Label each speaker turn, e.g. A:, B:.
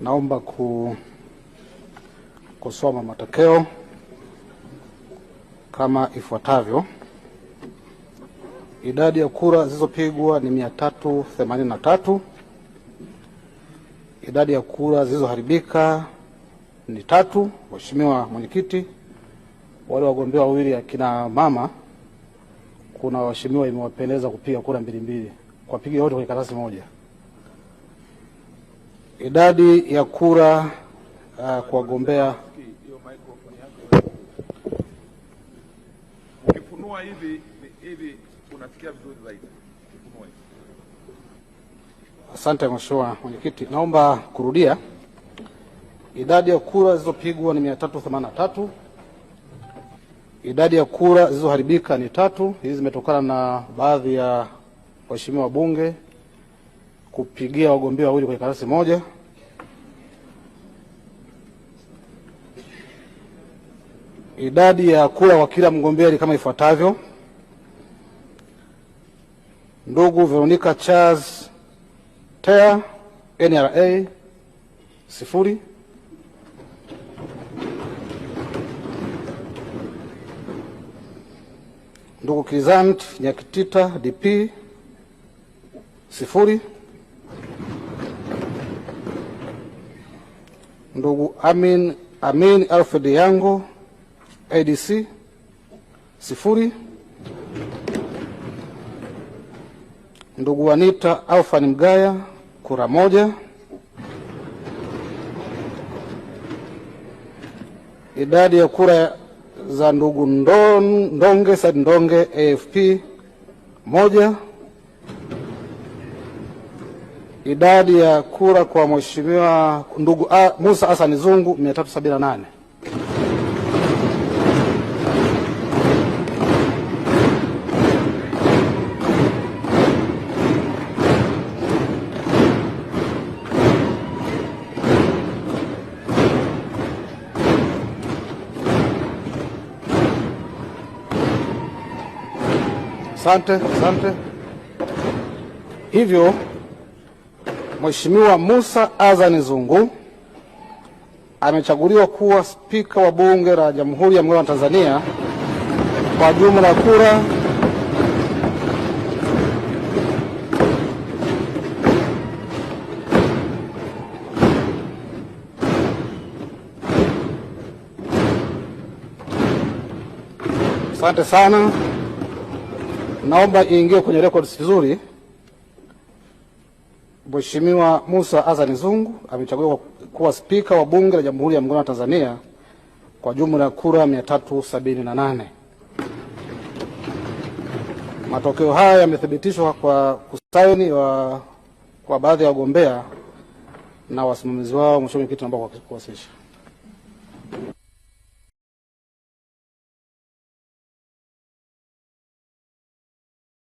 A: Naomba ku, kusoma matokeo kama ifuatavyo. Idadi ya kura zilizopigwa ni 383. Idadi ya kura zilizoharibika ni tatu. Mheshimiwa Mwenyekiti, wale wagombea wawili akina mama, kuna waheshimiwa imewapendeza kupiga kura mbili mbili, kwa piga yote kwenye karatasi moja. Idadi ya kura uh, kwa zaidi. Asante Mheshimiwa Mwenyekiti, naomba kurudia. Idadi ya kura zilizopigwa ni 383. Idadi ya kura zilizoharibika ni tatu. Hizi zimetokana na baadhi ya waheshimiwa wabunge kupigia wagombea wawili kwenye karatasi moja. Idadi ya kura kwa kila mgombea ni kama ifuatavyo: ndugu Veronica Charles Tea NRA sifuri, ndugu Krizant Nyakitita DP sifuri, ndugu Amin Amin Alfred Yango ADC sifuri. Ndugu Wanita Alfani Mgaya kura moja. Idadi ya kura za ndugu Ndon, Ndonge Said Ndonge AFP moja. Idadi ya kura kwa mheshimiwa ndugu ah, Musa Hassan Zungu 378. Asante, asante. Hivyo Mheshimiwa musa azani Zungu amechaguliwa kuwa spika wa Bunge la Jamhuri ya Muungano wa Tanzania kwa jumla ya kura Asante sana. Naomba iingie kwenye records vizuri. Mheshimiwa musa azani Zungu amechaguliwa kuwa spika wa bunge la Jamhuri ya Muungano wa Tanzania kwa jumla ya kura 378. Matokeo haya yamethibitishwa kwa kusaini wa, kwa baadhi ya wagombea na wasimamizi wao. Mheshimiwa Mwenyekiti, naomba kuwasilisha.